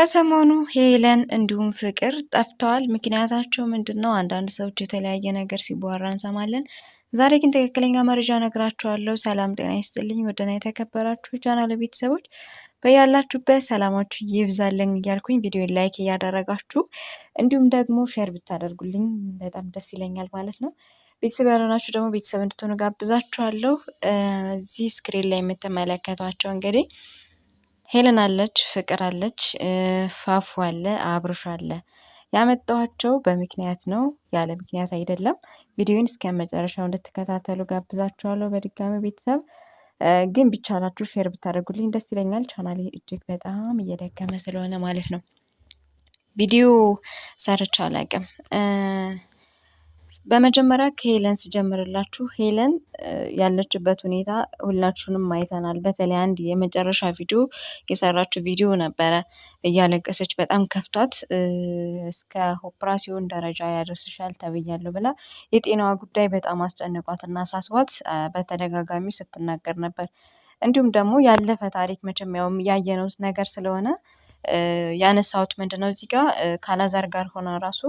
ከሰሞኑ ሄለን እንዲሁም ፍቅር ጠፍተዋል። ምክንያታቸው ምንድን ነው? አንዳንድ ሰዎች የተለያየ ነገር ሲቧራ እንሰማለን። ዛሬ ግን ትክክለኛ መረጃ ነግራችኋለሁ። ሰላም ጤና ይስጥልኝ ወደና የተከበራችሁ ቻናል ቤተሰቦች በያላችሁበት ሰላማችሁ ይብዛልን እያልኩኝ ቪዲዮ ላይክ እያደረጋችሁ እንዲሁም ደግሞ ሼር ብታደርጉልኝ በጣም ደስ ይለኛል ማለት ነው። ቤተሰብ ያልሆናችሁ ደግሞ ቤተሰብ እንድትሆኑ ጋብዛችኋለሁ። እዚህ ስክሪን ላይ የምትመለከቷቸው እንግዲህ ሄለን አለች፣ ፍቅር አለች፣ ፋፉ አለ፣ አብርሽ አለ። ያመጣኋቸው በምክንያት ነው፣ ያለ ምክንያት አይደለም። ቪዲዮን እስከ መጨረሻው እንድትከታተሉ ጋብዛችኋለሁ። በድጋሚ ቤተሰብ ግን ቢቻላችሁ ሼር ብታደርጉልኝ ደስ ይለኛል። ቻናሌ እጅግ በጣም እየደከመ ስለሆነ ማለት ነው። ቪዲዮ ሰርቼ አላውቅም። በመጀመሪያ ከሄለን ስጀምርላችሁ ሄለን ያለችበት ሁኔታ ሁላችሁንም አይተናል። በተለይ አንድ የመጨረሻ ቪዲዮ የሰራችው ቪዲዮ ነበረ እያለቀሰች በጣም ከፍቷት እስከ ኦፕራሲዮን ደረጃ ያደርስሻል ተብያለሁ ብላ የጤናዋ ጉዳይ በጣም አስጨንቋት እና አሳስቧት በተደጋጋሚ ስትናገር ነበር። እንዲሁም ደግሞ ያለፈ ታሪክ መቼም ያው ያየነው ነገር ስለሆነ ያነሳሁት ምንድነው ነው እዚህ ጋር ካላዛር ጋር ሆና ራሱ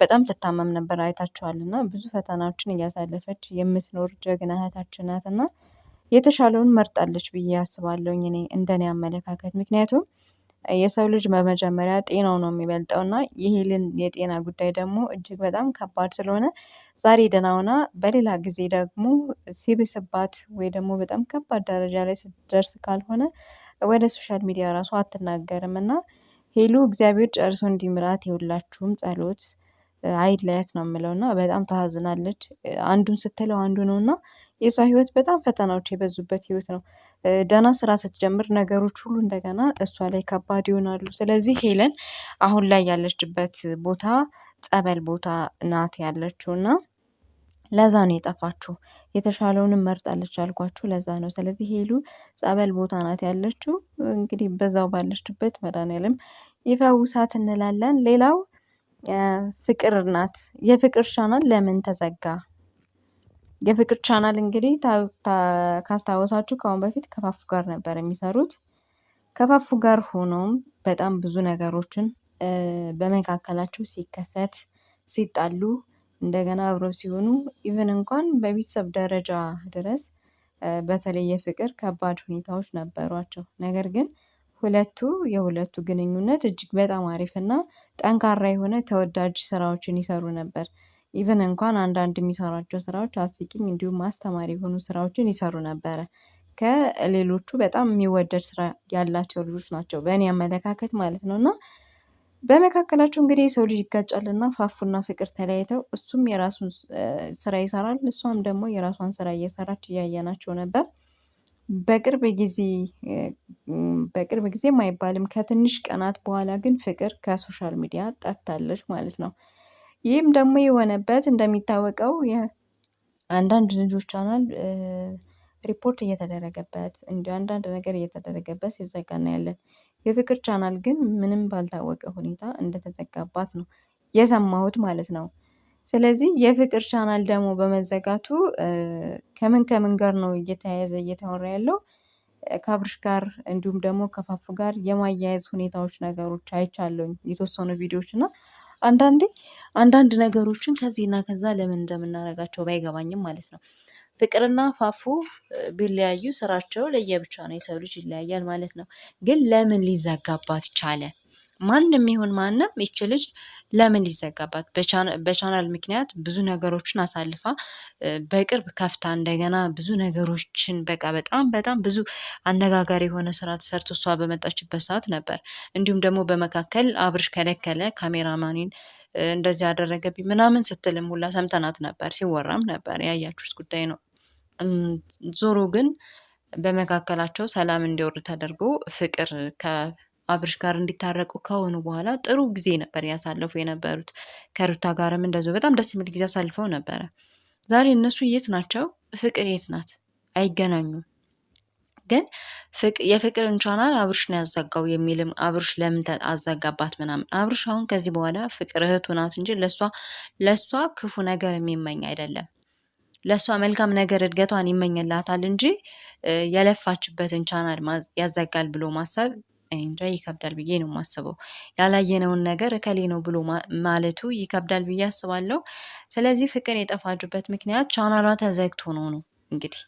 በጣም ትታመም ነበር አይታችኋል። እና ብዙ ፈተናዎችን እያሳለፈች የምትኖር ጀግና እህታችን ናት እና የተሻለውን መርጣለች ብዬ አስባለሁኝ እኔ እንደኔ አመለካከት። ምክንያቱም የሰው ልጅ በመጀመሪያ ጤናው ነው የሚበልጠው እና ይህልን የጤና ጉዳይ ደግሞ እጅግ በጣም ከባድ ስለሆነ ዛሬ ደህና ሆና በሌላ ጊዜ ደግሞ ሲብስባት ወይ ደግሞ በጣም ከባድ ደረጃ ላይ ስትደርስ ካልሆነ ወደ ሶሻል ሚዲያ ራሱ አትናገርም እና ሄሉ እግዚአብሔር ጨርሶ እንዲምራት የሁላችሁም ጸሎት አይድ አይለያት ነው የምለው እና በጣም ታሳዝናለች። አንዱን ስትለው አንዱ ነው እና የእሷ ህይወት በጣም ፈተናዎች የበዙበት ህይወት ነው። ደህና ስራ ስትጀምር ነገሮች ሁሉ እንደገና እሷ ላይ ከባድ ይሆናሉ። ስለዚህ ሄለን አሁን ላይ ያለችበት ቦታ ጸበል ቦታ ናት ያለችው እና ለዛ ነው የጠፋችሁ። የተሻለውንም መርጣለች አልኳችሁ፣ ለዛ ነው። ስለዚህ ሄሉ ጸበል ቦታ ናት ያለችው። እንግዲህ በዛው ባለችበት መድኃኒዓለም ይፈውሳት እንላለን። ሌላው ፍቅር ናት። የፍቅር ቻናል ለምን ተዘጋ? የፍቅር ቻናል እንግዲህ ካስታወሳችሁ ከአሁን በፊት ከፋፉ ጋር ነበር የሚሰሩት። ከፋፉ ጋር ሆኖም በጣም ብዙ ነገሮችን በመካከላቸው ሲከሰት ሲጣሉ እንደገና አብረው ሲሆኑ ኢቨን እንኳን በቤተሰብ ደረጃ ድረስ በተለየ ፍቅር ከባድ ሁኔታዎች ነበሯቸው። ነገር ግን ሁለቱ የሁለቱ ግንኙነት እጅግ በጣም አሪፍ እና ጠንካራ የሆነ ተወዳጅ ስራዎችን ይሰሩ ነበር። ኢቨን እንኳን አንዳንድ የሚሰሯቸው ስራዎች አስቂኝ እንዲሁም አስተማሪ የሆኑ ስራዎችን ይሰሩ ነበረ። ከሌሎቹ በጣም የሚወደድ ስራ ያላቸው ልጆች ናቸው በእኔ አመለካከት ማለት ነው። እና በመካከላቸው እንግዲህ የሰው ልጅ ይጋጫልና ፋፉና ፍቅር ተለያይተው እሱም የራሱን ስራ ይሰራል እሷም ደግሞ የራሷን ስራ እየሰራች እያየናቸው ነበር በቅርብ ጊዜ በቅርብ ጊዜም አይባልም ከትንሽ ቀናት በኋላ ግን ፍቅር ከሶሻል ሚዲያ ጠፍታለች ማለት ነው። ይህም ደግሞ የሆነበት እንደሚታወቀው አንዳንድ ልጆች ቻናል ሪፖርት እየተደረገበት እንዲ አንዳንድ ነገር እየተደረገበት ሲዘጋ እናያለን። የፍቅር ቻናል ግን ምንም ባልታወቀ ሁኔታ እንደተዘጋባት ነው የሰማሁት ማለት ነው ስለዚህ የፍቅር ቻናል ደግሞ በመዘጋቱ ከምን ከምን ጋር ነው እየተያያዘ እየተወራ ያለው? ከአብርሽ ጋር እንዲሁም ደግሞ ከፋፉ ጋር የማያያዝ ሁኔታዎች ነገሮች አይቻለሁኝ የተወሰኑ ቪዲዮዎች እና አንዳንዴ አንዳንድ ነገሮችን ከዚህና ከዛ ለምን እንደምናደርጋቸው ባይገባኝም ማለት ነው። ፍቅርና ፋፉ ቢለያዩ ስራቸው ለየብቻ ነው። የሰው ልጅ ይለያያል ማለት ነው። ግን ለምን ሊዘጋባት ቻለ? ማንም ይሁን ማንም ይች ልጅ ለምን ሊዘጋባት? በቻናል ምክንያት ብዙ ነገሮችን አሳልፋ በቅርብ ከፍታ እንደገና ብዙ ነገሮችን በቃ በጣም በጣም ብዙ አነጋጋሪ የሆነ ስራ ተሰርቶ እሷ በመጣችበት ሰዓት ነበር። እንዲሁም ደግሞ በመካከል አብርሽ ከለከለ ካሜራማኒን እንደዚህ ያደረገብኝ ምናምን ስትልም ሁላ ሰምተናት ነበር፣ ሲወራም ነበር። ያያችሁት ጉዳይ ነው። ዞሮ ግን በመካከላቸው ሰላም እንዲወርድ ተደርጎ ፍቅር አብርሽ ጋር እንዲታረቁ ከሆኑ በኋላ ጥሩ ጊዜ ነበር ያሳለፉ የነበሩት። ከሩታ ጋርም እንደዚ በጣም ደስ የሚል ጊዜ አሳልፈው ነበረ። ዛሬ እነሱ የት ናቸው? ፍቅር የት ናት? አይገናኙም። ግን የፍቅርን ቻናል አብርሽ ነው ያዘጋው የሚልም አብርሽ ለምን አዘጋባት ምናምን። አብርሽ አሁን ከዚህ በኋላ ፍቅር እህቱ ናት እንጂ ለሷ ለሷ ክፉ ነገር የሚመኝ አይደለም። ለእሷ መልካም ነገር እድገቷን ይመኝላታል እንጂ የለፋችበትን ቻናል ያዘጋል ብሎ ማሰብ እንጃ ይከብዳል ብዬ ነው የማስበው። ያላየነውን ነገር እከሌ ነው ብሎ ማለቱ ይከብዳል ብዬ አስባለሁ። ስለዚህ ፍቅር የጠፋችበት ምክንያት ቻናሏ ተዘግቶ ነው ነው እንግዲህ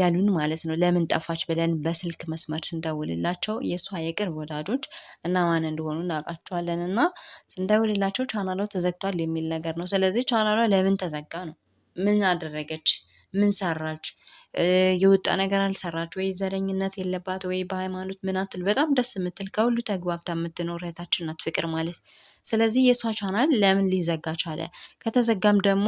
ያሉን ማለት ነው። ለምን ጠፋች ብለን በስልክ መስመር ስንደውልላቸው የእሷ የቅርብ ወዳጆች እና ማን እንደሆኑ እናውቃቸዋለን እና ስንደውልላቸው ቻናሏ ተዘግቷል የሚል ነገር ነው። ስለዚህ ቻናሏ ለምን ተዘጋ ነው? ምን አደረገች? ምን ሰራች፣ የወጣ ነገር አልሰራች ወይ፣ ዘረኝነት የለባት ወይ፣ በሃይማኖት ምን አትል። በጣም ደስ የምትል ከሁሉ ተግባብታ የምትኖር እህታችን ናት ፍቅር ማለት። ስለዚህ የእሷ ቻናል ለምን ሊዘጋ ቻለ? ከተዘጋም ደግሞ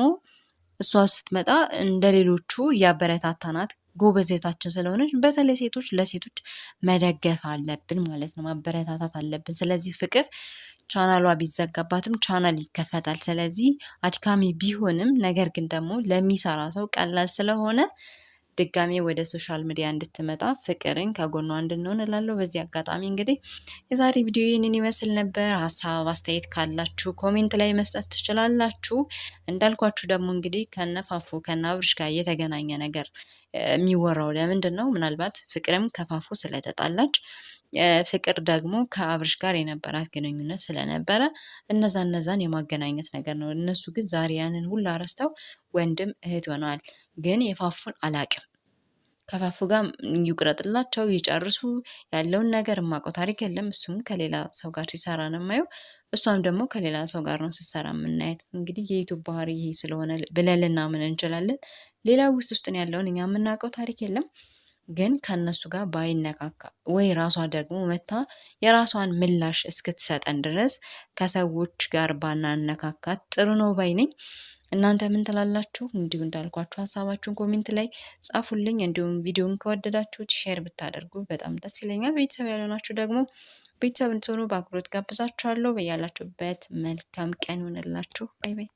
እሷ ስትመጣ እንደሌሎቹ ሌሎቹ እያበረታታናት ጎበዝ እህታችን ስለሆነች በተለይ ሴቶች ለሴቶች መደገፍ አለብን ማለት ነው፣ ማበረታታት አለብን። ስለዚህ ፍቅር ቻናሏ ቢዘጋባትም ቻናል ይከፈታል። ስለዚህ አድካሚ ቢሆንም ነገር ግን ደግሞ ለሚሰራ ሰው ቀላል ስለሆነ ድጋሜ ወደ ሶሻል ሚዲያ እንድትመጣ ፍቅርን ከጎኗ እንድንሆን እላለሁ። በዚህ አጋጣሚ እንግዲህ የዛሬ ቪዲዮ ይህንን ይመስል ነበር። ሀሳብ አስተያየት ካላችሁ ኮሜንት ላይ መስጠት ትችላላችሁ። እንዳልኳችሁ ደግሞ እንግዲህ ከነፋፉ ከነ አብርሽ ጋር የተገናኘ ነገር የሚወራው። ለምንድን ነው? ምናልባት ፍቅርም ከፋፉ ስለተጣላች ፍቅር ደግሞ ከአብርሽ ጋር የነበራት ግንኙነት ስለነበረ እነዛ እነዛን የማገናኘት ነገር ነው። እነሱ ግን ዛሬ ያንን ሁሉ አረስተው ወንድም እህት ሆነዋል። ግን የፋፉን አላቅም ከፋፉ ጋር ይቁረጥላቸው ይጨርሱ። ያለውን ነገር የማውቀው ታሪክ የለም። እሱም ከሌላ ሰው ጋር ሲሰራ ነው የማየው። እሷም ደግሞ ከሌላ ሰው ጋር ነው ስትሰራ የምናየት። እንግዲህ የዩቱብ ባህሪ ይሄ ስለሆነ ብለን ልናምን እንችላለን። ሌላ ውስጥ ውስጥ ያለውን እኛ የምናውቀው ታሪክ የለም። ግን ከእነሱ ጋር ባይነካካ ወይ ራሷ ደግሞ መታ የራሷን ምላሽ እስክትሰጠን ድረስ ከሰዎች ጋር ባናነካካት ጥሩ ነው ባይ ነኝ። እናንተ ምን ትላላችሁ? እንዲሁ እንዳልኳችሁ ሀሳባችሁን ኮሜንት ላይ ጻፉልኝ። እንዲሁም ቪዲዮን ከወደዳችሁት ሼር ብታደርጉ በጣም ደስ ይለኛል። ቤተሰብ ያልሆናችሁ ደግሞ ቤተሰብ እንድትሆኑ በአክብሮት ጋብዛችኋለሁ። በያላችሁበት መልካም ቀን ይሆንላችሁ። ባይ ባይ።